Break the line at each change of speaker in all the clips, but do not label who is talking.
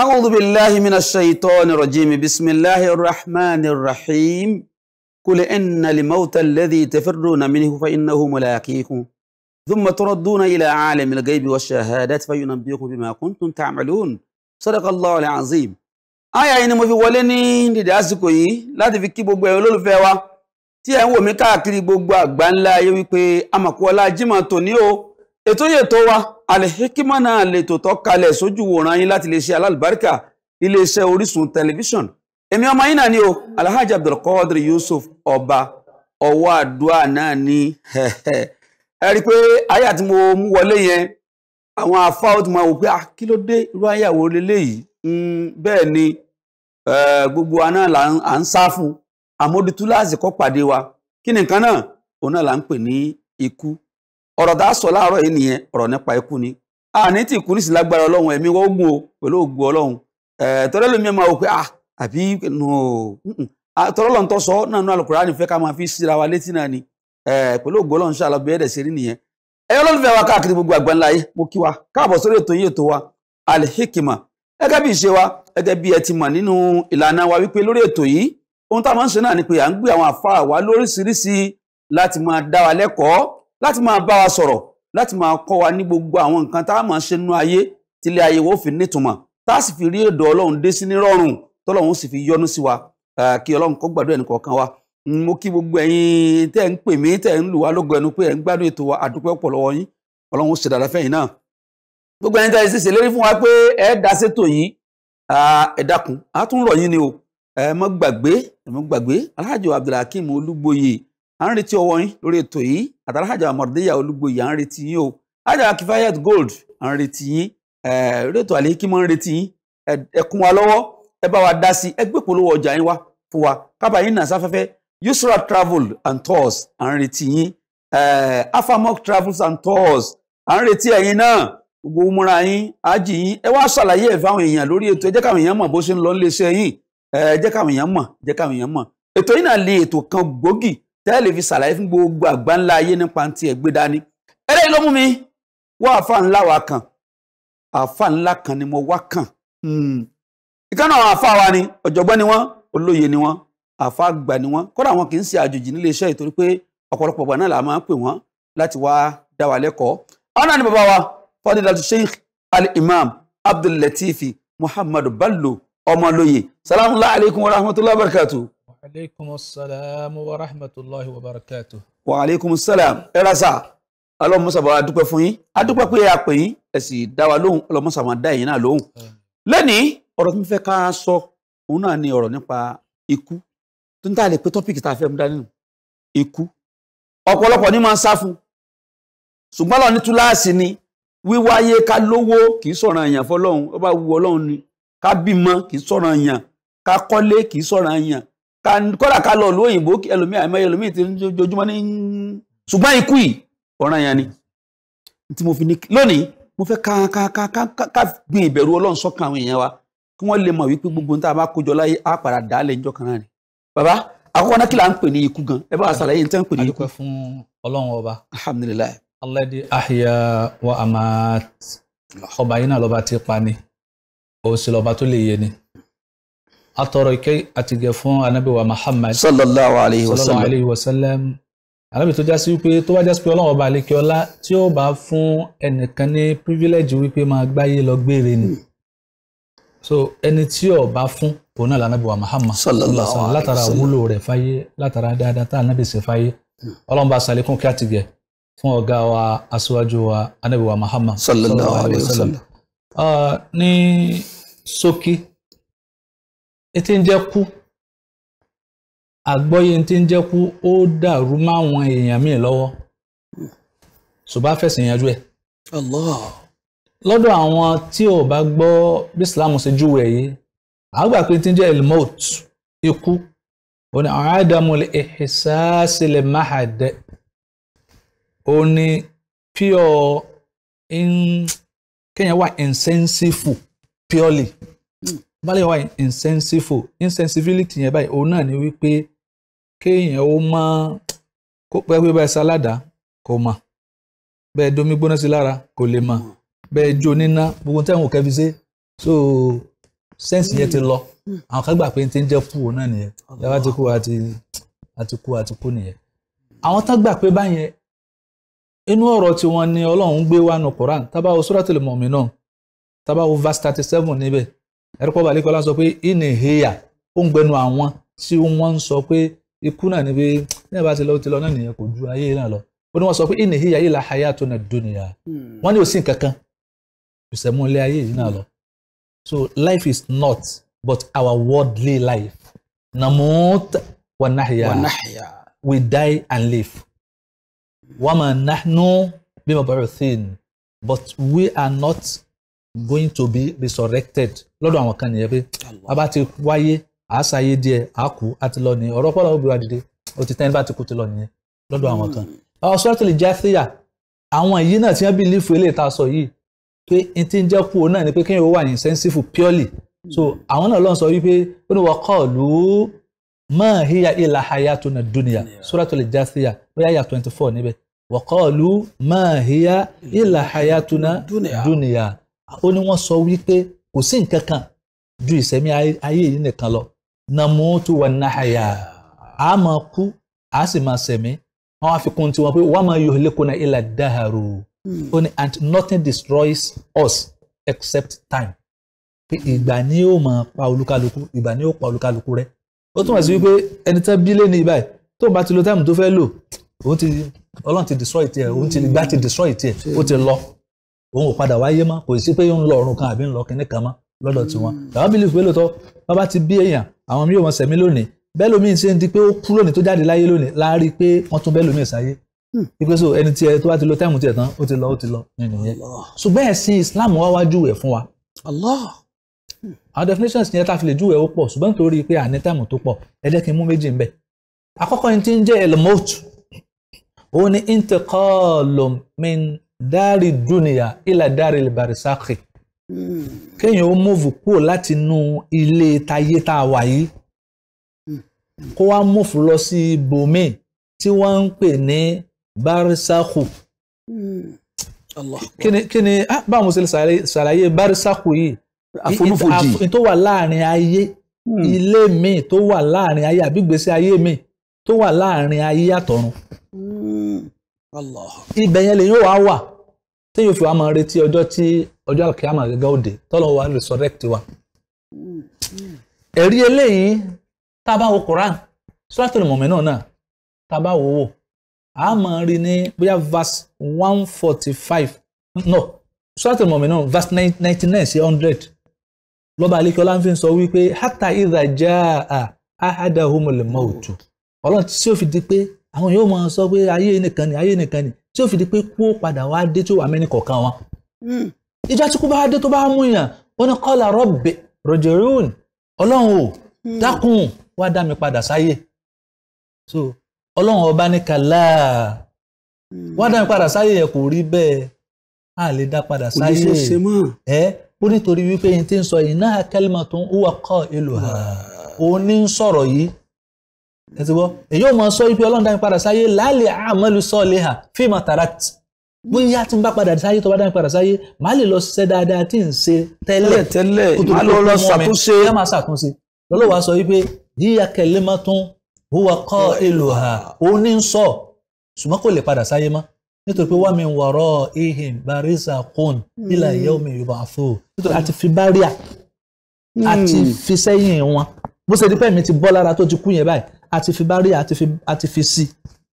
أعوذ بالله من الشيطان الرجيم بسم الله الرحمن الرحيم قل إن الموت الذي تفرون منه فإنه ملاقيكم ثم تردون إلى عالم الغيب والشهادة فينبئكم بما كنتم تعملون صدق الله العظيم aya yìí ni mo fi wọlé ní dìde àsìkò yìí láti fi kí gbogbo ẹ̀ olólùfẹ́ wa tí ẹ̀ ń wò mí káàkiri gbogbo alihikima náà lè tò tọ́ kalẹ̀ sójú wòran yín láti lè ṣe alálùbáríkà iléeṣẹ́ orísun tẹlifíṣọ̀n èmi ọmọ yín náà ni o alhaji abdulkadir yusuf ọba ọwọ́ àdúrà náà ni ẹ rí i pé àyà tí mo mú wọlé yẹn àwọn afá ó ti máa wò pé ah, kí ló dé irú àyàwó lélẹ́yìí hmm, bẹ́ẹ̀ ni gbogbo wa náà à ń sá fún amódútúláàsì kọ́ pàdé wa kí ni nǹkan náà òun náà là ń pè ní ikú ọ̀rọ̀ tá a sọ láàárọ̀ yìí nìyẹn ọ̀rọ̀ nípa ikú ni a ní tí ikú nísìnyí lágbára ọlọ́run ẹ̀mí wọ́n ogun o pẹ̀lú ògùn ọlọ́run tọ́lẹ́ lómi ẹ̀ máa wò pé a ah, àbí nù tọ́lọ́ lọ́n tọ́ sọ náà nù ká máa fi síra wa létí náà ni pẹ̀lú ògùn ọlọ́run ṣáà ṣe rí nìyẹn wa káàkiri gbogbo láti máa bá wa sọ̀rọ̀ láti máa kọ́ wa ní gbogbo àwọn nǹkan tá a máa ṣe nú ayé tílé ayé wo fi nítumọ̀ tá a sì fi rí èdò ọlọ́run dé sí nírọ̀rùn tọ́lọ́run sì fi yọ́nú sí wa kí ọlọ́run kó gbàdúrà ẹnì kọ̀ọ̀kan wa mo kí gbogbo ẹ̀yin tẹ́ ń pè mí tẹ́ ń lù wá lógo ẹnu pé ẹ̀ ń gbádùn ètò wa àdúpẹ́ ọ̀pọ̀ yín ọlọ́run ṣe dáadáa fẹ́yìn náà gbogbo ẹ̀yin tẹ́ ẹ sì ṣèlérí fún wa pé ẹ dá sétò yìí ẹ dákun á tún rọ̀ yín ni o ẹ mọ́ gbàgbé ẹ mọ́ gbàgbé Alhaji Abdulhakeem Olúgbòye à ń retí ọwọ́ yín lórí ètò yìí àtàlájà mọ̀rọ̀dẹ́yà olúgbòye à ń retí yín o àjà kifayet gold à ń retí yín rétò àlékí mọ́ ń retí yín ẹ kún wa lọ́wọ́ ẹ bá wa dá sí ẹ polówó ọjà yín wá fún wa kábà yín nà sáfẹ́fẹ́ Yusra travel and tours à ń retí yín afamok travels and tours à ń retí ẹ̀yin náà gbogbo múra yín ájì yín ẹ wá ṣàlàyé ẹ̀ fáwọn èèyàn lórí ètò ẹ jẹ́ káwọn èèyàn mọ̀ bó ṣe ń lọ níléeṣẹ́ yín ẹ jẹ́ káwọn èèyàn mọ̀ jẹ́ káwọn èèyàn mọ̀ ètò yìí náà lè ètò kan gbòógì tẹ́lẹ̀ fi ṣàlàyé fún gbogbo àgbá ńlá ayé nípa ti ẹ̀ gbé dání eléyìí ló mú mi wá àfa ńlá wa kan àfa ńlá kan ni mo wá kàn hmm. ìkànnà àwọn àfa wa ni ọ̀jọ̀gbọ́n ni wọ́n olóye ni wọ́n àfa àgbà ni wọ́n kódà wọn kì í ṣe àjòjì nílé iṣẹ́ ìtorí pé ọ̀pọ̀lọpọ̀ ọgbà náà là máa ń pè wọ́n láti wá dá wa lẹ́kọ̀ọ́ àwọn náà ni bàbá wa fadilatu sheikh al-imam abdul latifi muhammadu bello ọmọlóye salamu alaykum wa rahmatulahi wa barakatuh
aleykum salaam wa rahmatulahi wa barakatu.
wa aleykum salaam ẹrasa ọlọmọsàbọ adúpẹ́ fún yín adúpẹ́ pé a pè yín ẹ sì dá wa lóhùn ọlọmọsàbọ dá yín náà lóhùn lẹ́nìí ọ̀rọ̀ tó ń fẹ́ ká sọ òun náà ni ọ̀rọ̀ nípa ikú tó ń tà lè pé tọ́pìkì tá a fẹ́ mú dání nù ikú ọ̀pọ̀lọpọ̀ ní máa ń sá fún ṣùgbọ́n lọ ní túláàsì ni wíwáyé ká lówó kì í sọ̀ràn èèyàn fọlọ́run ó wu ọlọ́run ni ká bímọ kì í sọ̀ràn èèyàn ká kọ́lé kì í sọ̀ràn èèyàn kọ́là ká lọ ìlú òyìnbó ẹlòmíì àìmọye ẹlòmíì ti jojúmọ́ ní ṣùgbọ́n ikú yìí ọ̀ràn yẹn ni tí mo fi ní lónìí mo fẹ́ ká ká ká ká ká gbin ìbẹ̀rù ọlọ́run sọ́kàn àwọn èèyàn wa kí wọ́n lè mọ̀ wípé gbogbo tá a bá kójọ láyé á padà dá lẹ̀ níjọ́ kan náà ni. bàbá àkọ́kọ́ náà kí là ń pè ní ikú gan ẹ bá wa ṣàlàyé nǹkan pè ní ikú. a fún ọlọ́run ọba. alhamdulilayi.
alladhi ahya wa amat ọba yìí náà lọ́ba ti pa ni òun sì lọ́ba tó lè yé ni atọrọ ìkẹ́ àtìgẹ̀ fún anabi wa muhammad sallallahu alayhi wa sallam sallallahu alayhi wa sallam anabi tó jásí wípé tó bá jásí pé ọlọ́run ọba àlekè ọlá tí ó bá fún ẹnìkan ní privilege wípé máa gbáyé lọ gbére ni so ẹni tí ó bá fún òun náà lànàbí wa muhammad sallallahu alayhi wa sallam látara wúlò rẹ̀ fáyé látara dáadáa tá anabi ṣe fáyé ọlọ́run bá ṣàlékún kí àtìgẹ̀ fún ọ̀gá wa aṣíwájú wa anabi wa muhammad sallallahu alayhi wa sallam ah, ní ṣókí etí ń jẹ́ kú àgbọ́yé tí ń jẹ́ kú ó dàrú máwọn èèyàn míì lọ́wọ́ ṣùgbọ́n fẹ̀sìn yanjú ẹ̀. Allah. lọ́dọ̀ àwọn tí ò bá gbọ́ bí Islam ṣe júwe ẹ̀ yìí àwọn gbà pé tí ń jẹ́ elmout ikú òní àwọn àdàmúlẹ̀ ìhìsásílẹ̀ máhàdẹ òní pure kéèyàn wà insensitive purely value wa insensible insensibility yẹn báyìí òun náà ni wípé kéèyàn ó mọ kó pẹ́ pé báyìí sálàdà kò mọ̀ bẹ́ẹ̀ domi gbóná sí lára kò lè mọ̀ bẹ́ẹ̀ jó níná gbogbo tẹ́wọ̀n kẹ́ fi ṣe so sẹ́ǹsì yẹn ti lọ àwọn kan gbà pé ti ń jẹ́ kú òun náà nìyẹn lẹ́wọ́n ti kú àti àti kú àti kú nìyẹn àwọn tán gbà pé báyẹn inú ọ̀rọ̀ tiwọn ni ọlọ́run gbé wá nu Quran tábàwọ̀ Suratul Mu'minun tábàwọ̀ verse thirty seven níbẹ̀ ẹ̀rọ pọ̀ balẹ̀ kọ́lá sọ pé ìnìhìyà ó ń gbẹnu àwọn tí wọ́n ń sọ pé ikú náà ni pé ní ẹ̀ bá ti lọ ti lọ náà nìyẹn kò ju ayé náà lọ ó ní wọ́n sọ pé ìnìhìyà yìí la hayatuna dunya hmm. wọ́n ní ò sí nǹkan ilé ayé yìí náà lọ so life is not but our worldly life namut wa nahya we die and live wama nahnu bimabu'uthin but we are not going to be resurrected lọ́dọ̀ àwọn kan nìyẹn pé a bá ti wáyé a ṣàyé díẹ̀ a kú a ti lọ nìyẹn ọ̀rọ̀ pọlọ obìnrin àdìde o ti tẹni bá ti kú ti lọ nìyẹn lọ́dọ̀ àwọn kan. Hmm. ọ̀sọ́tìlì jáfíà àwọn yìí náà ti yẹn bí lífù eléyìí tá a sọ yìí pé n ti ń jẹ́ kú o náà ni pé kéèyàn wà ní sẹ́ńsìfù purely so hmm. àwọn náà lọ́n sọ wípé ó ní wọ́n kọ́ lù ú máa híya ìlà hayatuna dunya suratul jáfíà bóyá yà twenty four níbẹ̀ wọ́n kọ́ lù máa híya ìlà hmm. dunia. dunya ó ní wọ́n sọ wípé kò sí nǹkan kan ju ìsẹ̀mí ayé yìí nìkan lọ namutu wa nahaya a máa kú a sì máa sẹ̀mí wọ́n á fi kún tiwọn pé wọ́n máa yuhlikuna illa daharu hmm. ó ní and nothing destroys us except time pé ìgbà ni yóò máa pa olúkálukú ìgbà ni yóò pa olúkálukú rẹ ó túmọ̀ sí wípé ẹni tán bí lé ní ibàyí tó bá ti lo táìmù tó fẹ́ lò òun ti ọlọ́run ti destroy tiẹ̀ òun ti gbá ti destroy tiẹ̀ ó ti lọ òun ò padà wáyé mọ́ kò sí pé ó ń lọ ọ̀run kan àbí ń lọ kinní kan mọ́ lọ́dọ̀ tiwọn hmm. bàbá bílíf pé lóòótọ́ bàbá ti bí èèyàn àwọn mi ò wọn sẹ̀mí lónìí bẹ́ẹ̀ lómi ṣe ń di pé ó kú lónìí tó jáde láyé lónìí láàárí pé wọ́n tún bẹ́ẹ̀ lómi ṣáyé ipe hmm. so ẹni tí ẹ tó bá ti lo táìmù tiẹ̀ tán ó ti lọ ó ti lọ nìyẹn ṣùgbọ́n ẹ̀sìn Islam wá wá júwèé fún wa hmm. àwọn definitions yẹn tá fi lè júwèé ó pọ̀ ṣùgbọ́n nítorí pé àní táìmù tó pọ̀ ẹ jẹ́ kí n mú méjì ń bẹ̀ àkọ́kọ́ ẹni tí ń jẹ́ elmout òun ni intercalum min dáàrí dúnìyà ìlà dáàrí barisaki kéèyàn ó move kúrò láti inú ilé tayé tá a wà yìí hmm. kó wá move lọ sí ibòmíì tí wọ́n ń pè ní barisaku. kí ni báwo ṣe lè ṣàlàyé barisaku yìí àfonúfojì tó wà láàrin ayé hmm. ilé míì tó wà láàrin ayé àbí gbèsè ayé míì tó wà láàrin ayé àtọ̀run. Hmm ibẹ̀ yẹn lè yóò wá wà tí yóò fi wá máa retí ọjọ́ tí ọjọ́ àkíyàmà gẹ́gẹ́ òde tọ́lọ́wọ́ wa resurrect wa. ẹ̀rí eléyìí tá a bá wo Quran Suratul Mu'minun náà tá a bá wo wò a máa rí ní bóyá verse one forty five no Suratul Mu'minun verse ninety nine sí hundred lọ́ba alekiola fi sọ wípé hatta idha jaa ahadahumul ọlọ́run tí ó fi di pé àwọn yóò máa sọ pé ayé nìkan ni ayé nìkan ni tí ó fi di pé kú ó padà wá dé tí ó wà mẹ́ni kọ̀ọ̀kan wọn. Hmm. ìjọ tí kú bá dé tó bá mú yàn ó ní kọ́là rọ́bì rọ̀jẹ̀rún ọlọ́run ò hmm. dákun wá dá mi padà sáyé so ọlọ́run ọba ní kàlá hmm. wá dá mi padà sáyé yẹn kò rí bẹ́ẹ̀ a lè dá padà sáyé ẹ ó nítorí wípé yín ti ń sọ yìí kẹ́lìmọ̀ tó ń wúwa kọ́ èlò ha òun ní ń sọ̀rọ̀ yìí ẹ ti gbọ́ èyí ò mọ sọ ipe ọlọ́run dá mi padà sáyé lálẹ́ àmọ́lù sọ́ọ̀lẹ́ hà fíìmù àtàràtì bóyá tí n bá padà sáyé tó bá dá mi padà sáyé màá lè lọ ṣiṣẹ́ dáadáa tí n ṣe tẹ́lẹ̀ tẹ́lẹ̀ màá lọ lọ ṣàtúnṣe ẹ máa ṣàtúnṣe lọ́lọ́wà sọ wípé yíya kẹlẹ́ mọ́ tún huwa kọ́ èlò hà òun ní ń sọ ṣùgbọ́n kò lè padà sáyé mọ́ nítorí pé wàmí wọ̀rọ̀ ihìn barisa kun ilà ìyá hmm. yorùbá fò nítorí àti fi báríà àti hmm. fi sẹ́yìn wọn bó ṣe dípẹ́ mi ti bọ́ lára tó ti kú yẹn báyìí àti fi bá rí àti fi àti fi sí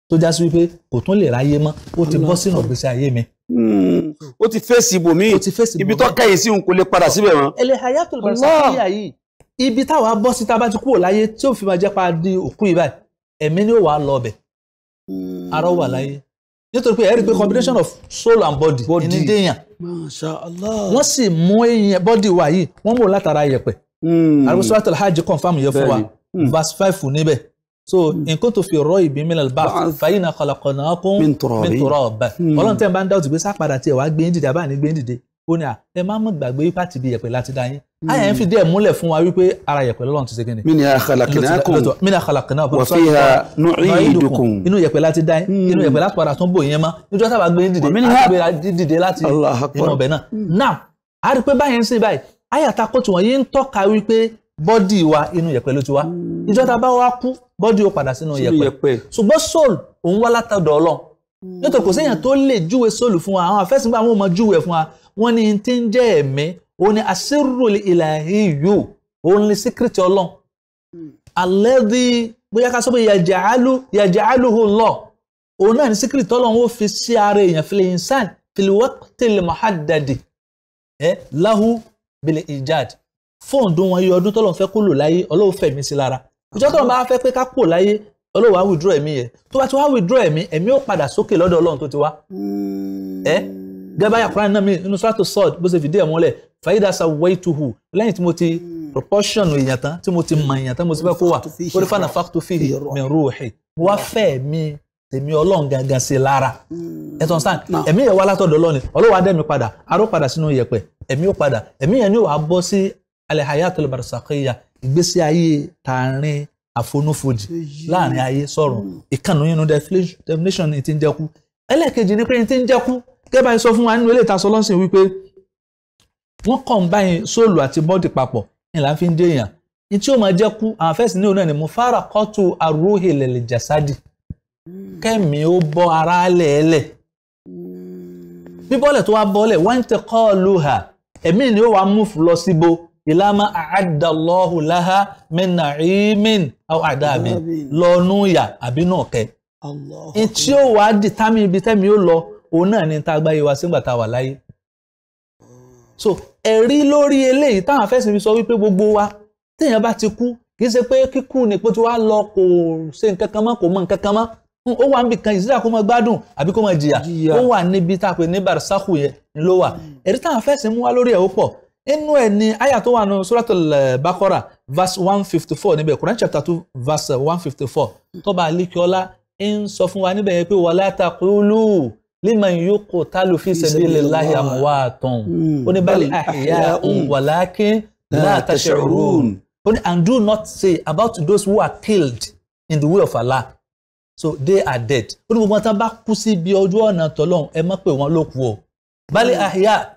tó já sí wípé kò tún lè ráyé mọ́ ó ti bọ́ sínú ìgbésí ayé mi.
Hmm. ó ti fèsì ibòmíì ibi tó kẹ́yìn sí òun kò lè padà síbẹ̀ mọ́.
ẹlẹ́hàyà tó lè bẹ̀rẹ̀ sáfíà yìí ibi táwa bọ́ sí tá ti kúrò láyé tí ó fi máa jẹ́ pa di òkú yìí báyìí ẹ̀mí ni ó wà á lọ ọbẹ̀ hmm. arọ́ wà láyé nítorí pé ẹ rí i pé combination of soul and body ẹni déèyàn wọ́n sì mú èèyàn body wa yìí wọ́n mú un látara yẹ̀pẹ̀ hmm. àrùbọ̀sọ́wọ́tò hajj confam yẹ fún wa verse five níbẹ̀ so nǹkan hmm. tó fi rọ ìbí mílẹ̀ bá fàyín náà kọlọ̀kọ̀ náà kún mìtúrọ̀ ọ̀bẹ ọlọ́run tẹ́ ń bá ń dáwọ́tì pé sápadà tiẹ̀ wá gbé ń dìde àbáà ní gbé ń dìde ó ní à ẹ má mọ̀ gbàgbé ipá ti di yẹ̀pẹ̀ láti dá yín àyà hmm. ń fi díẹ̀ múlẹ̀ fún wa wípé ara yẹ̀pẹ̀ lọ́lọ́run ti ṣe kíni. mina khalaqnakum mina khalaqnakum wa fiha nu'idukum inú yẹ̀pẹ̀ láti dá hmm. inú yẹ̀pẹ̀ láti padà tún bò yẹn mọ́ níjọ sábà gbé dìde àgbé dìde láti inú ọbẹ̀ náà now a báyẹn ń báyìí àyà takò tí wọ́n ń tọ́ka wípé bọ́dì wa inú yẹ̀pẹ̀ ló ti wá hmm. ìjọ tá a bá wá kú bọ́dì ó padà sínú yẹ̀pẹ̀ ṣùgbọ́n soul òun wá látọ̀dọ̀ ọlọ́run hmm. nítorí kò séèyàn tó lè júwe soul fún wa àwọn afẹ́sìngbà wọn ò mọ júwe fún wa wọn ni ti ń jẹ́ ẹ̀mí òun ni àṣírùlẹ̀ ìlàhí yù òun ni síkírìtì ọlọ́run hmm. alẹ́dí bóyá ká sọ pé yàjàálùhù lọ òun náà ni síkírìtì ọlọ́run ó fi sí ara èèyàn fìlẹ̀ ìnsàn fìlẹ̀ wọ́pẹ̀tẹ̀lẹ̀ mọ́hàdàdì eh, láhù bìlẹ̀ ìjáde fóònù wọn yí ọdún tọ́lọ́run fẹ́ kó lò láyé ọlọ́run fẹ̀mí sí lára ìjọ tọ́lọ́run bá fẹ́ pé ká kó láyé ọlọ́run á withdraw ẹ̀mí yẹn tó bá ti wá withdraw ẹ̀mí ẹ̀mí ó padà sókè lọ́dọ̀ ọlọ́run tó ti wá. ẹ gẹ́gẹ́ àkùrán náà mi inú sọ́tò sọ́ọ̀d bó ṣe fìdí ẹ̀ múlẹ̀ fàyídà sa wẹ́ẹ̀tuhù lẹ́yìn tí mo ti proportion èèyàn tán tí mo ti mọ èèyàn tán mo ti fẹ́ kó wà ó ní fànà fàkútù fi mi rú òhì mo wá fẹ́ mi tèmi ọlọ́run gangan sí lára ẹ tán sáà ẹ̀mí yẹn wá látọ̀dọ̀ ọlọ́run ọlọ́run á dẹ́mi padà aró padà sínú yẹ̀pẹ̀ ẹ̀mí ó padà ẹ̀mí yẹn ni wàá bọ́ sí alhayatul barzakhiya ìgbésí ayé tààrin àfonúfojì láàrin ayé sọ̀rọ̀ hmm. ìkànnì nínú definition ni ti ń jẹ́kú ẹlẹ́ẹ̀kejì ni pé ni ti ń jẹ́kú gẹ́gẹ́ bá sọ fún wa nínú ilé ìtasọ lọ́sìn wípé wọ́n kàn báyìí sóòlù àti bọ́ọ̀dì papọ̀ ni là ń fi ń déèyàn ní tí ó máa jẹ́kú àwọn afẹ́sìn ní òun náà ni mo fara kọ́tù arúhì lẹ̀lẹ̀ jàsádì kẹ́mi ó bọ́ ara lẹ̀ẹ́lẹ̀ hmm. bíbọ́lẹ̀ tó wá bọ́lẹ̀ wọ́n ń tẹ kọ́ ọ ẹ̀mí ni ó wàá múfù lọ síbo ìlàmà àádàlọ́hù láhà mẹ́nà ìmìn àwọn àdáàmì lọ́nú ìyà àbí náà kẹ́. ìtí ó wàá di támi ibi tẹ́mi ó lọ òun náà ni tá gbáyé wa sígbà tá a wà láyé. so ẹ̀rí lórí eléyìí táwọn afẹ́sìn fi sọ wípé gbogbo wa téèyàn bá ti kú kì í ṣe pé kíkú ni pé tí wàá lọ kò ṣe nǹkan kan mọ́ kò mọ nǹkan kan mọ́ ó wà níbi kan ìsídà kó máa gbádùn àbí kó máa jìyà ó wà níbi tá a pè ní barisakhu yẹn ló wà hmm. ẹ̀rí táwọn afẹ́sìn mú wá lórí ẹ̀ ó pọ̀ inú ẹ̀ ni àyà tó wà nù suratul eh, Baqara verse one fifty four níbẹ̀ Quran chapter two verse one fifty four tọ́ba alikiola ń sọ fún wa níbẹ̀ yẹn pé wala taqulu liman yuqtalu fi sabilillahi amwatun hmm. ó ní bal ahya'un walakin la ó ní and do not say about those who are killed in the way of Allah so they are dead ó ní gbogbo wọn tá a bá kú sí ibi ojú ọ̀nà tọ́lọ́hún ẹ má pè wọ́n lókù o bal hmm. ahya.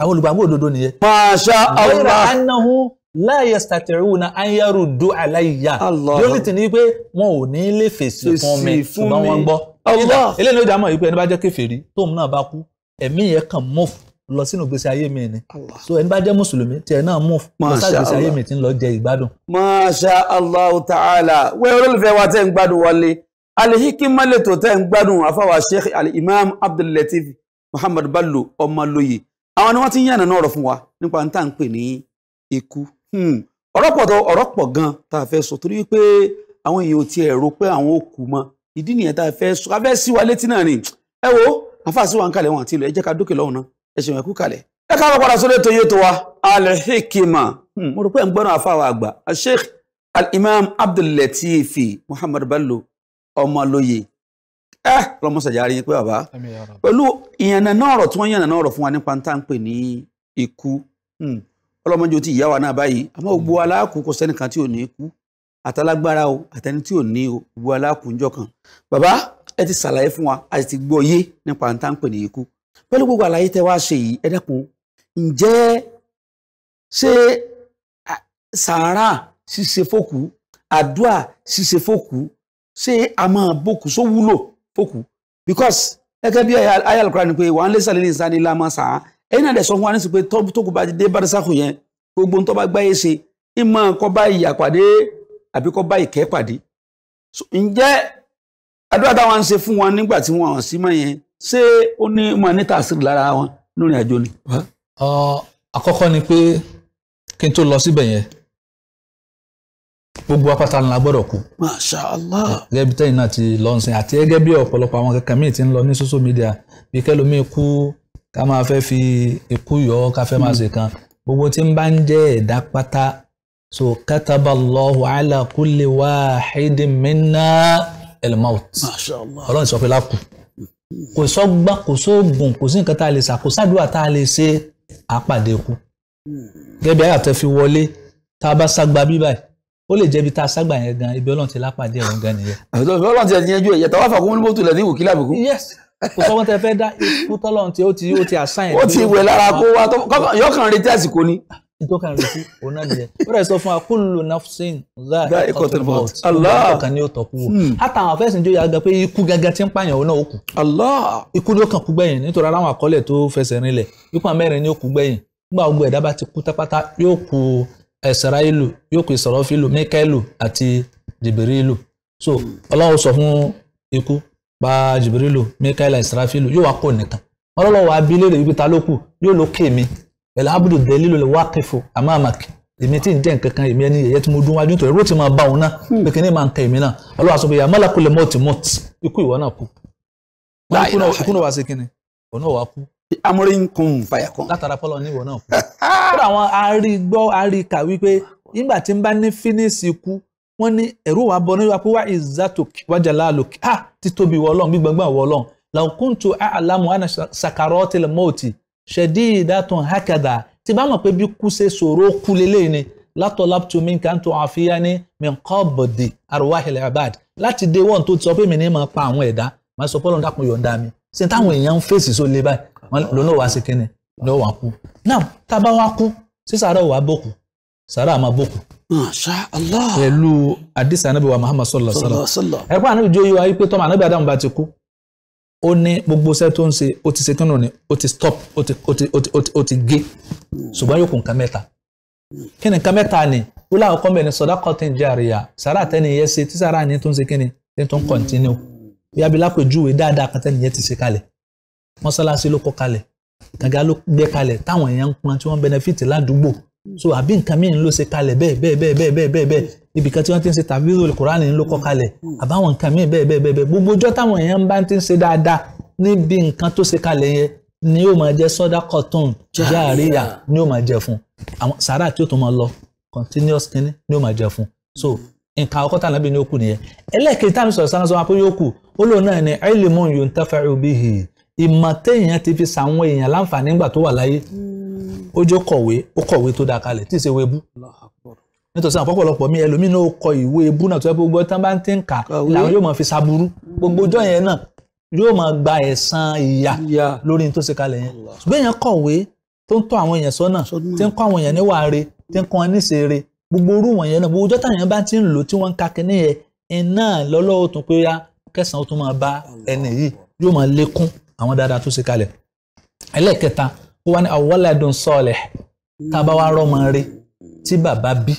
àwọn olùgbàgbọ́ òdodo nìyẹn. masha allah ọ̀rọ̀ anahu la yastati'una an yaruddu alayya yóò ti ní pé wọn ò ní lè fèsì fún mi ṣùgbọ́n wọn gbọ́. eléyìí ló dá mọ̀ wípé ẹni bá jẹ́ kèfèrí tóun náà bá kú ẹ̀mí yẹn kàn mọ́fù lọ sínú gbèsè ayé mi ni so ẹni bá jẹ́ mùsùlùmí tiẹ̀ náà mú lọ sá gbèsè ayé mi tí ń lọ jẹ ìgbádùn.
masha allah ta'ala wẹ́ olólùfẹ́ wa tẹ́ ń gbádùn wọlé alihikima lẹ́tọ̀ tẹ́ ń gbádùn àfàwà sheikh al-imam abdul muhammad bello ọmọlóye àwọn ni wọ́n ti ń yànnà náà ọ̀rọ̀ fún wa nípa n tá à ń pè ní ikú hmm. ọ̀rọ̀ pọ̀ ọ̀rọ̀ pọ̀ gan tá a fẹ́ sọ torí pé àwọn èèyàn ò tiẹ̀ rò pé àwọn ò kú mọ́ ìdí nìyẹn tá a fẹ́ sọ a fẹ́ sí wa létí náà ni ẹ wo àfáàsí wa ń kalẹ̀ wọn àti ilẹ̀ ẹ jẹ́ ká dókè lọ́hùn náà ẹ ṣe wọn kú kalẹ̀. ẹ káàbọ̀ padà sórí ètò yẹtò wa alhikima hmm, mo rò pé ń gbọ́dọ̀ àfáà wa àgbà sheikh al-imam abdul latifi muhammad bello ọmọlóye ẹ lọmọsàjà rí yín pé bàbá pẹ̀lú ìyànnà náà ọ̀rọ̀ tí wọ́n yànnà náà ọ̀rọ̀ fún wa nípa tá à ń pè ní ikú hmm. ọlọ́mọdé ti ìyá wa náà báyìí àmọ́ gbogbo hmm. aláàkú kò sẹ́nìkan tí ò ní kú àtàlágbára o àtẹni tí ò ní o gbogbo aláàkú ńjọ́ kan bàbá ẹ ti ṣàlàyé fún wa a ti gbọ́ yé nípa tá à ń pè ní ikú pẹ̀lú gbogbo àlàyé tẹ́ wá ṣe yìí ẹ dẹ́kun ǹjẹ́ ṣé sàárà ṣíṣe fòkú àdúà ṣíṣe fòkú ṣé a máa bòkú só ó because gẹ́gẹ́ bí ayé alukura ni pé wàá lé sàlẹ̀ ní ìsáni lámà sàn án ẹ̀yin náà dẹ̀ sọ fún wa nísìsiyìí pé tọ́bù tó kù bá ti dé barisakù yẹn gbogbo tó bá gbáyé ṣe ìmọ̀ kọ́ bá ìyà pàdé àbí kọ́ bá ìkẹ́ pàdé ǹjẹ́ àdúrà táwọn ń ṣe fún wọn nígbà tí wọn sí mọ́ yẹn ṣé ó ní mọ̀ ní tàṣírí lára wọn lórí àjò ni. àkọ́kọ́ ni
pé kí n tó lọ síbẹ̀ yẹn gbogbo apáta ńlá gbọ́dọ̀ kú. masha allah. gẹ́gẹ́ bí tẹ́yìn náà ti lọ ń sìn àti gẹ́gẹ́ bí ọ̀pọ̀lọpọ̀ àwọn kankan míì ti ń lọ ní social media bí kẹ́lómi kú ká máa fẹ́ fi ikú yọ ká fẹ́ máa hmm. ṣe kan gbogbo tí ń bá ń jẹ́ ẹ̀dá pátá so kataballahu ala kulli wahidin minna elmout ọlọ́run sọ pé lákù kò sọ́gbà kò sóògùn kò sí nǹkan tá a lè ṣàkóso hmm. gẹ́gẹ́ bí ayàtọ̀ fi wọlé tá a bá ságbá bí ó lè jẹ́ ibi tá a ságbà yẹn gan ibi ọlọ́run ti lápàdé ẹ̀rọ gan nìyẹn. ọlọ́run ti ẹ̀ yanjú ẹ̀ yẹtọ̀ wá fàkún ní mọ́tò lẹ́ni ìwòkí làbùkù. yes kò sọ wọn tẹ fẹ́ dá ikú tọ́lọ́run tí ó ti ó ti àṣàyàn. ó ti wẹ̀ lára kó wá tó yọkàn retí àsìkò ni. ìtọ́kàn retí òun náà nìyẹn ó rẹ̀ sọ fún wa kullu nafsin dá ẹ̀kọ́ tó bọ̀ ọ̀kan ni ó tọ́ kú wò. Hmm. àtà àwọn afẹ́sìn jó yàgàn pé ikú gangan ti ń pààyàn òun náà ó kù. ikú ló kàn kú gbẹ̀yìn nítorí ara àwọn àkọọ́lẹ̀ tó fẹsẹ̀ rinlẹ̀ ikú àmẹ́rin ni ó ẹsẹ̀ráìlù yóò pè sọ̀rọ̀fílù míkẹ́lù àti jìbìrìlù so ọlọ́run sọ fún ikú pa jìbìrìlù míkẹ́lù ẹsẹ̀ráfílù yóò wá kó nìkan wọn lọ́wọ́ wa bí léèrè wípé ta ló kù yóò ló ké mi pẹ̀lú abudu delilu lè wá kẹfọ àmọ́ èmi tí ń jẹ́ kan èmi ẹni tí mo dún wájú máa bá òun náà hmm. èmi náà sọ pé mọ́lá kulẹ̀ mọ́ọ̀tì kódà àwọn arígbọ́ aríkà wípé nígbà tí n bá ní fínísì ikú wọ́n ní ẹ̀rù wà bọ́ níwá pé wá ìzàtò wájà láàlòkè ha ti tóbi wọ́ ọlọ́run gbígbọ́ngbọ́n wọ́ ọlọ́run làkúntù àlámù àna sàkàrọ́ tilẹ̀ mọ́ọ̀tì ṣẹ̀dí ìdátàn hákàdà tí bá mọ̀ pé bí kú ṣe ṣòro kú lélẹ́yìn ni látọ̀láptù mi kà ń tó àfihàn ní mẹ́kọ́bọ̀dì àrùwáhìlẹ̀ abad láti dé wọ́n tó ti sọ pé mi ní máa pa àwọn ẹ̀dá máa sọ fọ́lọ́n dákun yọ̀ǹda mi ṣe táwọn èèyàn ń fèsì sólè báyìí lọ́nà wàá ṣe kínni lọ́ọ́ wá kú náà tá a bá wá kú sí sàárà ò wá bòkù àmà bòkù. masha allah. pẹ̀lú àdìsá anábì wa muhammad sallallahu alaihi wa sallam. ẹ̀pọ́n anábì jó yíwa wípé tọ́mọ anábì adamu bá ti kú ó ní gbogbo iṣẹ́ tó ń ṣe ó ti ṣe kí ni ó ti stop ó ti ó ti ó ti ó ti ó ti gé ṣùgbọ́n yóò kù nǹkan mẹ́ta kí ni nǹkan mẹ́ta ni ó láwọn kọ́ mẹ́rin sadaqatin jariya sàárà tẹ́ni yẹn ṣe tí sàárà ni tó ń ṣe kí ni tó ń continue bí abilápẹ̀júwe dáadáa kan tẹ́ni yẹn ti ṣe kalẹ̀ mọ́sálásí ló kọ́ kalẹ̀ gàgà ló gbé kalẹ̀ táwọn èèyàn ń pọn tí wọ́n benefit ládùúgbò so àbí nǹkan míì ń ló ṣe kalẹ̀ bẹ́ẹ̀ bẹ́ẹ̀ bẹ́ẹ̀ bẹ́ẹ̀ bẹ́ẹ̀ bẹ́ẹ̀ bẹ́ẹ̀ ibìkan tí wọ́n ti ń ṣe tàbírò kùránì ń ló kọ́ kalẹ̀ àbáwọn nǹkan míì bẹ́ẹ̀ bẹ́ẹ̀ bẹ́ẹ̀ gbogbo ọjọ́ táwọn èèyàn bá ti ń ṣe dáadáa níbi nǹkan tó ṣe kalẹ̀ yẹn ni yóò máa jẹ sọ́dá kọ̀tún jáàríyà ni yóò máa jẹ fún àwọn sàrà tí ó tún máa lọ continuous kínní ni yóò máa jẹ fún so nǹkan ọkọ tàbí níbi ni ó kù nìyẹn ẹlẹ́ẹ̀kejì táwọn sọ̀rọ̀ sáńsọ́ wọn pé ìmọ̀ téèyàn ti fi sàwọn èèyàn láǹfààní nígbà tó wà láyé hmm. ó jó kọ̀wé ó kọ̀wé tó dáa kalẹ̀ tí ì ṣe wo ebú nítorí àwọn ọ̀pọ̀lọpọ̀ mi ẹlòmíín náà kọ ìwé ebú náà tó yẹ gbogbo tán bá ń tẹ́ ń kà làwọn yóò máa fi ṣàbùrú gbogbo ọjọ́ yẹn náà yóò máa gba ẹ̀san ìyà lórí ní tó ṣe kalẹ̀ yẹn ṣùgbọ́n èèyàn kọ̀wé tó ń tọ́ àwọn èèyàn sọ́nà tí ń kọ́ àwọn èèyàn níwà re tí ń kọ́ wọn níṣe re gbogbo orú wọ̀nyẹn náà gbogbo ọjọ́ táwọn bá ti ń lò tí wọ́n ń ka àwọn dáadáa tó ṣe kalẹ̀ ẹlẹ́ẹ̀kẹta ó wá ní àwọ̀lẹ́dùn sọ́ọ̀lẹ̀ tá a bá wá rọ́mọ rí tí bàbá bí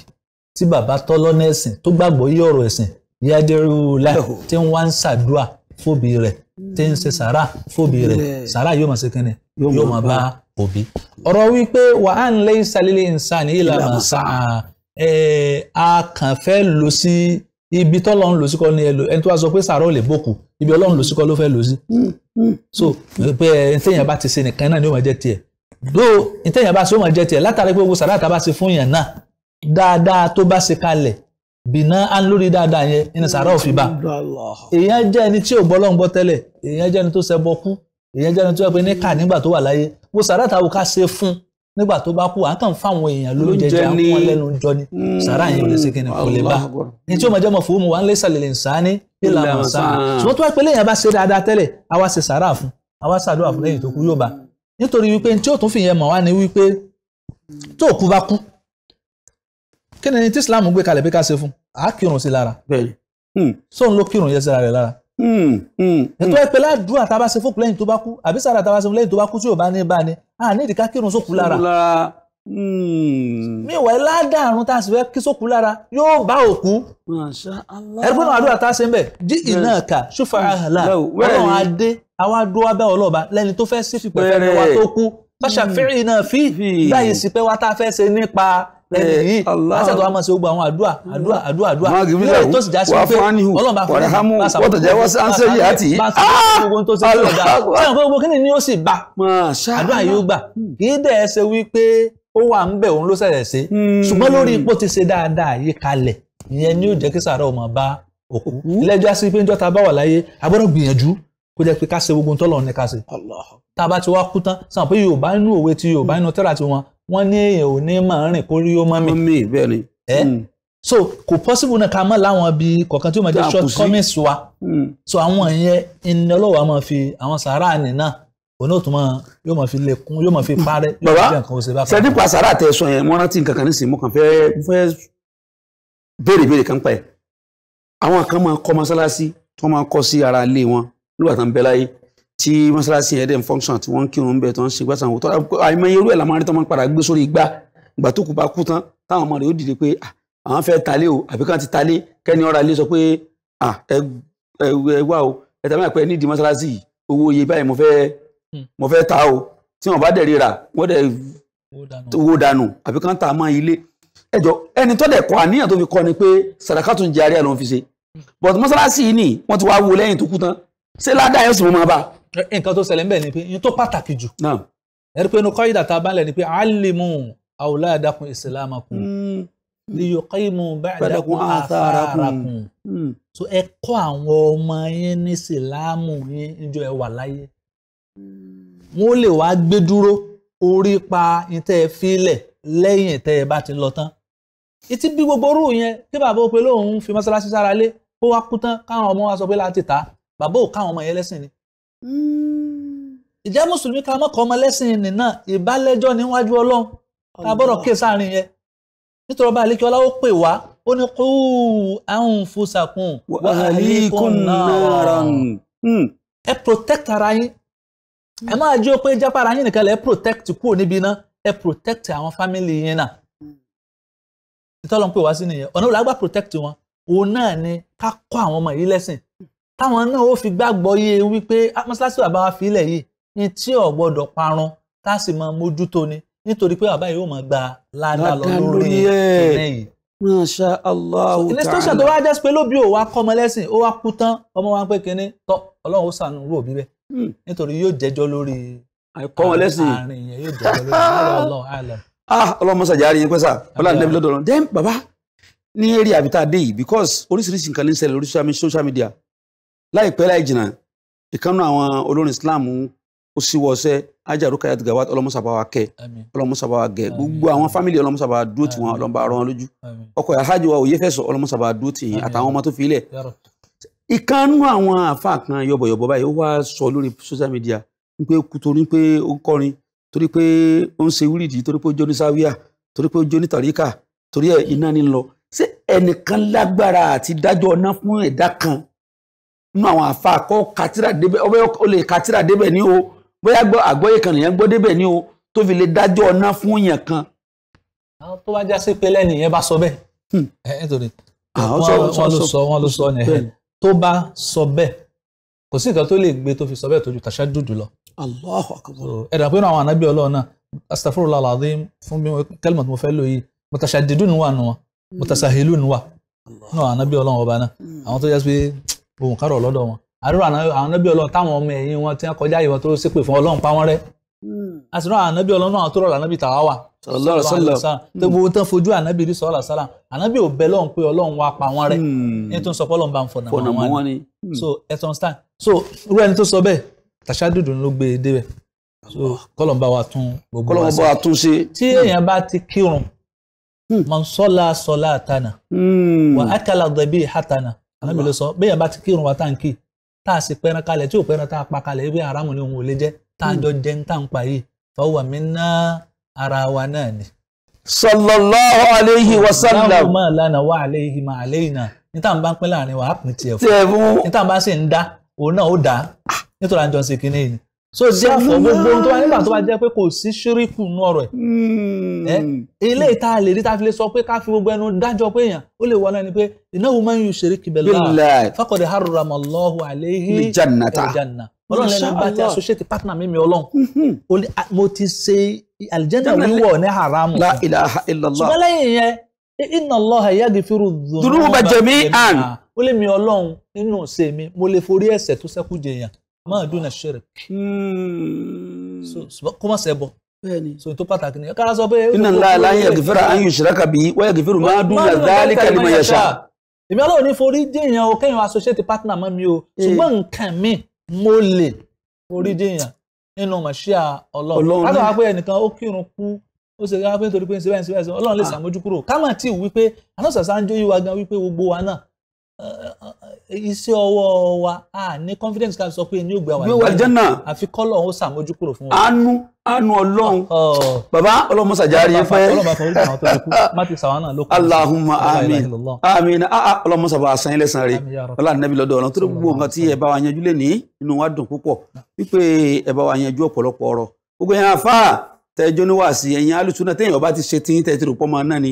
tí bàbá tọ́ lọ́nà ẹ̀sìn tó gbàgbọ́ yí ọ̀rọ̀ ẹ̀sìn yádẹ́rú la tí ń wá ń ṣàdúrà fóbi rẹ̀ tí ń ṣe sàrà fóbi rẹ̀ sàrà yóò máa ṣe kínní yóò máa bá òbí. ọ̀rọ̀ wípé wà á ń lé ìsàlẹ̀ ìsàn ìlànà sàn á kàn fẹ́ lọ sí ibi tọ́lọ́ ń lò sí kọ́ ni ẹ lò ẹni tó wá sọ pé sàárọ̀ lè bòkù ibi ọlọ́run lò sí kọ́ ló fẹ́ lò sí. so pé ẹni téèyàn bá ti ṣe nìkan náà ni ó máa jẹ tiẹ̀ ló ẹni téèyàn bá ṣe ó máa jẹ tiẹ̀ látàrí pé owó sàárà tá a bá ṣe fún yàn náà dáadáa tó bá ṣe kalẹ̀ bìnà á lórí dáadáa yẹn ẹni sàárà ò fi bá. èèyàn jẹ́ ẹni tí ò bọ́ lọ́n gbọ́ tẹ́lẹ̀ èèyàn jẹ́ ẹni tó ṣẹbọ kú èèyàn jẹ́ ẹni tó yẹ pé ní kà nígbà tó wà láyé wo sàárà táwọn ká ṣe fún nígbà tó bá kú à ń kàn fáwọn èèyàn ló jẹjẹ à ń wọn lẹ́nu jọ ni hmm, sàrà yẹn ò lè ṣe kíni kò lè bá ní tí ó máa jẹ́ ọmọ fòwò mu wà ń lé sàlẹ̀ nsàání ìlà mọ̀sán ṣùgbọ́n tó wá pé lẹ́yìn bá ṣe dáadáa tẹ́lẹ̀ àwa ṣe sàrà fún àwa ṣàdúrà fún lẹ́yìn tó kú yóò bá nítorí wípé tí ó tún fi yẹn mọ̀ wá ni wípé tó kú bá kú kí ni tí Islam gbé kalẹ̀ bí ká ṣe fún à Hmm, hmm, hmm. nítorí pé ládùúrà tá a bá se fókù lẹ́yìn tó bá kú àbí sàrà tá a bá ṣe lẹ́yìn tó bá kú tí ò bá ní bá ní a ní ìdíkà kírun sókù lára míwàá ládàrún tá a sì fẹ́ kí sókù lára yóò bá òkú
ẹgbẹ́ náà àdúrà tá
a ṣe ń bẹ̀ jí iná ẹ̀ka ṣúfà àhàlà ọlọ́run adé àwa dúró abẹ́ ọlọ́ba lẹ́ni tó fẹ́ sí fìpẹ́fẹ́ wa tó kú fàṣàfihàn náà fi láyé sí pé wa tá a fẹ́ ṣe nípa lẹ́yìn yìí lásìkò tó wá máa ṣe gbogbo àwọn àdúrà àdúrà àdúrà àdúrà lórí tó sì já sí pé ọlọ́run bá fún mi wọ́tò jẹ́wọ́ sáńsẹ́ yìí àti yìí gbogbo tó ṣe ọ̀dà sẹ́yìn fún gbogbo kíni ni ó sì bá àdúrà yóò gbà hmm. kì í dẹ̀ ṣe hmm. ni yóò jẹ́ kí sàárọ̀ ọmọ bá òkú ilé-ẹjọ́ sí pé níjọ́ ta bá wà láyé a gbọ́dọ̀ gbìyànjú kó jẹ́ pé ká ṣe gbogbo ohun tọ́lọ́run ní ká ṣe tá a bá wọ́n ní èèyàn ò ní máa rìn kó rí ó mọ́ mi. mi bẹ́ẹ̀ ni. ẹ hmm. so kò possible náà ká mọ̀ láwọn ibi kọ̀ọ̀kan tí ó máa jẹ́ short comments wa hmm. so àwọn ìyẹn ni ọlọ́wọ́ a máa fi àwọn sàárà nì náà òun náà tún máa yóò máa fi lẹkùn yóò máa fi parẹ́ yóò máa jẹ́ nǹkan ó ṣe bá fà. sẹ́ni pa sàárà tẹ
sọ yẹn mo rántí nǹkan kan nísìnyí mo kàn fẹ́ fẹ́ béèrè béèrè kan pa ẹ̀ àwọn kan máa kọ́ mọ́sálásí tó máa kọ́ sí ara ilé wọn nígbà tó ń bẹ láyé tí mọ́ṣáláṣí ẹ̀dẹ̀ ń function tí wọ́n ń kírun ń bẹ̀ tó ń ṣe gbàtà àwọn tọ́lá àìmọye irú ẹ̀ la máa rí tó máa ń padà gbé sórí igbá ìgbà tó kù bá kú tán táwọn ọmọ rẹ̀ ó dìde pé ah, àwọn fẹ́ talé o àbí kàn ti talé kẹ́ni ọ̀rọ̀ alẹ́ sọ pé ah, ẹ wá o ẹ tàbí àpẹ nídìí mọ́ṣáláṣí yìí owó iye báyìí mo fẹ́ hmm. mo fẹ́ ta o tí wọ́n bá dẹ̀ ríra wọ́n dẹ̀ wo dànù àbí kàn ta mọ́ ilé ẹjọ ẹni tó dẹ̀ kọ́ ni pé sàràkàtún jẹ́ àríyá ló ń fi ṣe hmm. but mọ́ṣáláṣí yìí ni wọ́n ti wá wo lẹ́yìn tó kú tán ṣé ládàá yẹn sì mọ́ máa bá
Eh, nǹkan tó ṣẹlẹ̀ ń bẹ̀ ni pé yín tó pàtàkì jù ẹ̀rí pé inú kọ́ídà tá a bá lẹ̀ ni pé alimu awladakum islamakum hmm. liyuqimu ba'dakum atharakum hmm. so ẹ kọ́ àwọn ọmọ yín ní sìlámù yín níjọ́ ẹ wà láyé hmm. wọn ó lè wá gbé dúró orí pa ìtẹ́ ẹ fílẹ̀ lẹ́yìn ìtẹ́ ẹ bá ti lọ tán ìtí bí gbogbo orú yẹn kí bàbá ó lóun fi mọ́sálásí sára lé kó wá kú tán káwọn ọmọ wa sọ pé láti tà bàbá ò káwọn ọmọ yẹn lẹ́sìn ni ìjẹ́ hmm. mùsùlùmí ká mọ́kàn ọmọ lẹ́sìn ìnì náà ìbálẹ́jọ́ níwájú ọlọ́run ká bọ́dọ̀ ké sáàrin yẹn nítorí ọba àlekí ọlá ó pè wá ó ní kó àwọn fúsàkùn wà àlékún náà ẹ protect ara yín ẹ máa jẹ́ pé jápá ara yín nìkan lẹ́ protect kúrò níbi iná ẹ protect àwọn family yín náà ìtọ́lọ́n pè wá sí nìyẹn ọ̀nà ìlàgbà protect wọn òun náà ni ká kọ́ àwọn ọmọ yìí lẹ́sìn táwọn náà ó fi gbàgbọ́ yé e wípé ah, mọ́ṣáláṣí bàbá wa fílẹ̀ yìí ní tí ò gbọ́dọ̀ parun tá a sì máa mójútó ni nítorí pé bàbá yìí ó máa gba ládàá lọ lórí
ẹ̀ẹ́nẹ́ yìí. Masha Allah ta'ala. ilé station tó
wá jẹ́ pé lóbi ò wá kọ́ ọmọ lẹ́sìn ó wá kú tán ọmọ wa ń pè kínní tọ́ ọlọ́run ó sànù rú òbí bẹ́ẹ̀ hmm. nítorí yóò jẹ́jọ́ lórí àárín yẹn yóò jẹ́jọ́ lórí àlọ́ ah ọlọ́mọ
sàjárí yín pẹ́sà ọlọ́run lẹ́bi lọ́dọ̀ ọ̀run then baba ní eré àbítá dé yìí because oríṣiríṣi nǹkan ní ṣẹlẹ̀ lórí social media láìpẹ́ láì jìnnà ìkànnù àwọn olórin Islam ó sì wọṣẹ́ ajaru kayat gawat ọlọmọsàbáwa kẹ ọlọmọsàbáwa gẹ gbogbo àwọn fámìlì ọlọmọsàbáwa dúró tiwọn ọlọmọba arọ wọn lójú ọkọ alhaji wa Oyefeso ọlọmọsàbáwa dúró tiyín àtàwọn ọmọ tó fi ilẹ̀ ìkànnù àwọn àfa kan yọbọyọbọ báyìí ó wá sọ lórí social media ń pé kú torí pé ó ń kọrin torí pé ó ń ṣe wíìdì torí pé ó jó ní sáwíà torí pé ó jó tàríkà torí ẹ iná ní lọ ṣé ẹnìkan lágbára àti dájọ́ ọ̀nà kan nú àwọn àfa kọ́ katira débẹ̀ ọbẹ̀ ó lè katira débẹ̀ ní o bóyá gbọ́ àgbọ́yé kan nìyẹn gbọ́ débẹ̀ ní o tó fi lè dájọ́ ọ̀nà fún yẹn kan.
àwọn tó bá já sí pé lẹ́nu yẹn bá sọ bẹ́ẹ̀ hmm. ẹ ẹ torí wọ́n ló sọ wọ́n ló sọ yẹn tó bá sọ bẹ́ẹ̀ kò sí nǹkan tó lè gbé tó fi sọ bẹ́ẹ̀ tójú tàṣà dúdú lọ. Allahu ẹ̀dà pé àwọn ànábì ọlọ́run náà astaghfirullah alazim fún bí kẹ́lìmọ̀ tí mo fẹ́ lò yìí mutashaddidun wà nù wọn hmm. mutasahilun wà nù àwọn ànábì ọlọ́run ọba náà hmm. àwọn tó yẹ pé ohun kan rọ̀ lọ́dọ̀ wọn àdúrà àwọn anábì ọlọ́run táwọn ọmọ ẹ̀yìn wọn ti ń kọjá ìwọ tó ṣépè fún ọlọ́run pa wọ́n rẹ́ hmm. àti náà ànábì ọlọ́run náà tó rọ̀lá ànábì tàwa wà sọlọ́rọ̀ sọlọ́ tó gbogbo tán fojú ànábì rí sọlọ́ sọlá ànábì ò bẹ lọ́hùn pé ọlọ́run wa pa wọ́n rẹ́ hmm. ní tó ń sọ pé ọlọ́run bá ń fọ̀nà wọn hmm. so ẹ tó so irú ẹni tó sọ bẹ́ẹ̀ e so kọ́lọ̀n bá wa tún gbogbo wa sọ tí èèyàn bá ti kírun mọ̀nsọ́lá sọlá àtànà anábì ló sọ béèyàn bá ti kírun wa tá à ń kì tá a sì pẹran kalẹ̀ tí ò pẹran tá a pa kalẹ̀ ewé aráàmù ni òun ò lè jẹ tá a hmm. jọ jẹun tá à ń pa yìí fọwọ́ mi ná ara wa náà ni. sallallahu alayhi wa sallam. láwọn máa lánàá wá alayhi máa alayhi náà ní tá à bá ń pín láàrin wa á pín tiẹ̀ fún un ní tá à ń bá sì ń dá òun náà ó dá ah. nítorí à ń jọ ṣe kinní yìí so therefore gbogbo ohun tó wà nígbà tó bá jẹ́ pé kò sí ṣíríkù nú ọ̀rọ̀ ẹ̀ hmm. eh, eléyìí tá a lè rí tá a fi lè sọ pé ká fi gbogbo ẹnu dájọ́ pé èèyàn ó lè wọ náà ni pé innahu man yushrik billah faqad harrama Allahu alayhi al-jannata ọlọ́run lẹ́nu bá ti associate partner mi mi ọlọ́run hmm. mo ti ṣe aljanna wíwọ̀ ní haramu la ilaha illallah ṣùgbọ́n lẹ́yìn yẹn inna Allaha yaghfiru dhunuba jami'an ó lè mi ọlọ́run nínú ṣe mo lè forí ẹ̀ṣẹ̀ tó ṣẹ́kù jẹ̀yàn máa dúnà ṣẹrẹ. kuma ṣẹbọ. bẹ́ẹ̀ni. so tó pàtàkì ni kára sọ pé. inna Allaha la yaghfiru an
yushraka bihi wa yaghfiru ma duna dhalika liman yasha.
èmi ọlọ́run ní forí jẹ́yàn o kẹ́yìn associate partner mọ́ mi o eh. ṣùgbọ́n nǹkan mi mo lè forí jẹ́yàn nínú màṣíà ọlọ́run. ká sọ wá pé ẹnìkan ó kírun kú ó ṣe ká pé nítorí pé ń ṣe bẹ́ẹ̀ ń ṣe bẹ́ẹ̀ ọlọ́run lè ah. ṣàmójúkúrò ká mà tí ì wípé àná sàṣà ń jó yíwa gan wípé gbogbo wa náà iṣẹ́ ọwọ́ wa a ní confidence ká sọ pé ní ògbé àwọn ìgbà ìjẹ́nà àfi kọ́lọ̀ ó sàmójú kúrò fún wa. anu anu ọlọ́run oh. baba ọlọ́mọ sàjárí yẹn fẹ́. ọlọ́mọ àfọwọ́ ìgbà
àwọn tó alahuma amin amin aa ah, ah, ọlọ́mọ sàbà àsanyìn lẹ́sàn rẹ̀ ọlá nàbí lọ́dọ̀ ọ̀nà tó gbogbo nǹkan tí ẹ bá wa yanjú lé ní inú wa dùn púpọ̀ wípé ẹ bá wa yanjú ọ̀pọ̀lọpọ̀ ọ̀rọ̀ gbogbo yẹn afa tẹjọ níwàásí ẹ̀yin alùsùn náà téèyàn bá ti ṣe tí tẹ̀ ti rò pọ́ mọ́ náà ni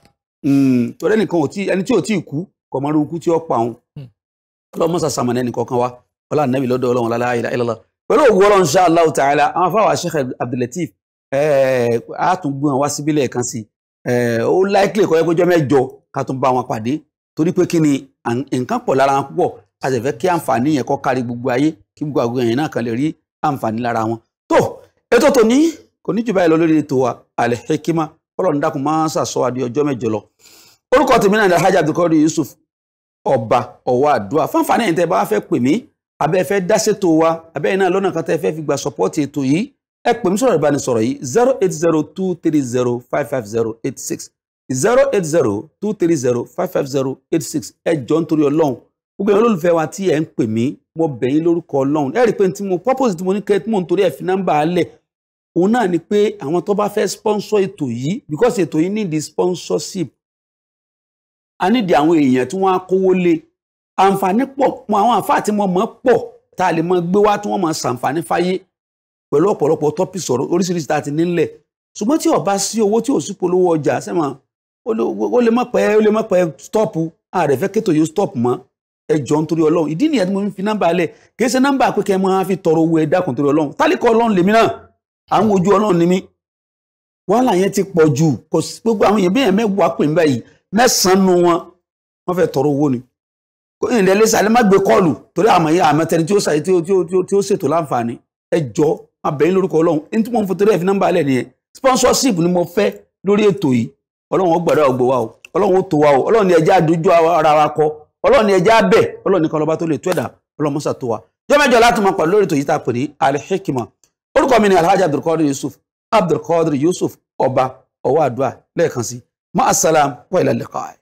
Hmm, torí ẹnìkan ò tí ẹni tí ò tí ì kú kò mọ irú ikú tí ó pa òun hmm. ọlọ́mọ sàṣàmọ̀ ẹnì kọ̀ọ̀kan wa ọlá nàbì lọ́dọ̀ ọlọ́run lálẹ́ àyè ilọ́lá pẹ̀lú òwú ọlọ́run ṣá Allahu ta'ala àwọn afáwà Sheikh Abdulateef àtúngbọ̀n wá síbí lẹ́ẹ̀kan sí ó láìkìlẹ̀ kọ́ ẹgbẹ́jọ́ mẹ́jọ ká tún bá wọn pàdé torí pé kí ni nǹkan pọ̀ lára wọn púpọ̀ a sì fẹ́ kí àǹfààní yẹn kó kárí gbogbo ayé kí gbogbo àgbo yẹn náà kan lè rí àǹfààní lára wọn. tó ètò tòní kò ní jù báyìí lọ lórí ètò Al Hikmat kọ́lọ̀ ń dákun máa ń sàsọ adé ọjọ́ mẹ́jọ lọ. orúkọ tèmi náà ni alhaji abdulkadir yusuf ọba ọwọ́ àdúrà fáǹfààní ẹ̀yìn tẹ́ bá fẹ́ pè mí abẹ́ fẹ́ dá ṣètò wa abẹ́ yìí náà lọ́nà kan tẹ́ fẹ́ fi gba sọ́pọ́ọ̀tì ètò yìí ẹ pè mí sọ̀rọ̀ ìbánisọ̀rọ̀ yìí zero eight zero two three zero five five zero eight six zero eight zero two three zero five five zero eight six ẹ jọ nítorí ọlọ́run gbogbo ìyẹn olólùfẹ́ wa tí ẹ ń pè mí mo bẹ̀ yín lórúkọ ọlọ́run ẹ rí i pé tí mo purpose tí mo ní kẹ́ tí mo ń torí ẹ̀ fi nọ́mbà alẹ̀ òun náà ni pé àwọn tó bá fẹ́ sponsor ètò yìí because ètò yìí need sponsorship a need àwọn èèyàn tí wọ́n á kówó lé àǹfààní pọ̀ mọ àwọn àǹfààní tí mo mọ̀ pọ̀ tá a lè mọ gbé wá tí wọ́n mọ ṣàǹfààní fáyé pẹ̀lú ọ̀pọ̀lọpọ̀ topics ọ̀rọ̀ oríṣiríṣi tá a ti nílẹ̀ ṣùgbọ́n tí ó bá sí owó tí ò sí polówó ọjà sẹ́mọ̀ ó lè má pẹ́ ó lè má pẹ́ stop ààrẹ fẹ́ kétò yóò stop mọ́ ẹ nítorí ọlọ́run ìdí nìyẹn tí mo fi nọ́mbà alẹ̀ kì í ṣe nọ́mbà pé kẹ́ ẹ máa fi tọrọ owó ẹ dákun torí ọlọ́run tálíkọ̀ ọlọ́run lèmi náà à ń wojú ọlọ́run ni mí wàhálà yẹn ti pọ̀ jù kò sí gbogbo àwọn èèyàn bí èèyàn mẹ́wàá pè ń báyìí mẹ́sàn-án nu wọn wọ́n fẹ́ tọrọ owó ni kò ní ìdẹ́lẹ́ sàlẹ̀ má gbé kọ́ọ̀lù torí àmọ́ yẹn àmọ́tẹni tí ó sàyẹ tí ó ṣètò láǹfààní ẹ jọ abẹ́yìn lórúkọ ọlọ́run ní tí mo ń fò torí ẹ̀ fi nọ́mbà alẹ́ nìyẹn sponsorship ni mo fẹ́ lórí ètò yìí ọlọ́run ó gbàdúrà ògbó wa o ọlọ́run ó tó wa o ọlọ́run ni ẹja àdójú ara wa kọ ọlọ́run ni ẹja abẹ ọlọ́run nìkan lọ́ba tó lè tó ẹ̀dá ọlọ́run mọ́sà tó wa jọ́mẹ́jọ láti máa pàdé lórí ètò yìí tá a pè ní Al Hikmat orúkọ mi ni alhaji abdulkadir yusuf abdulkadir yusuf ọba ọwọ́ àdúrà lẹ́ẹ̀kan sí ma assalam wa ila liqaa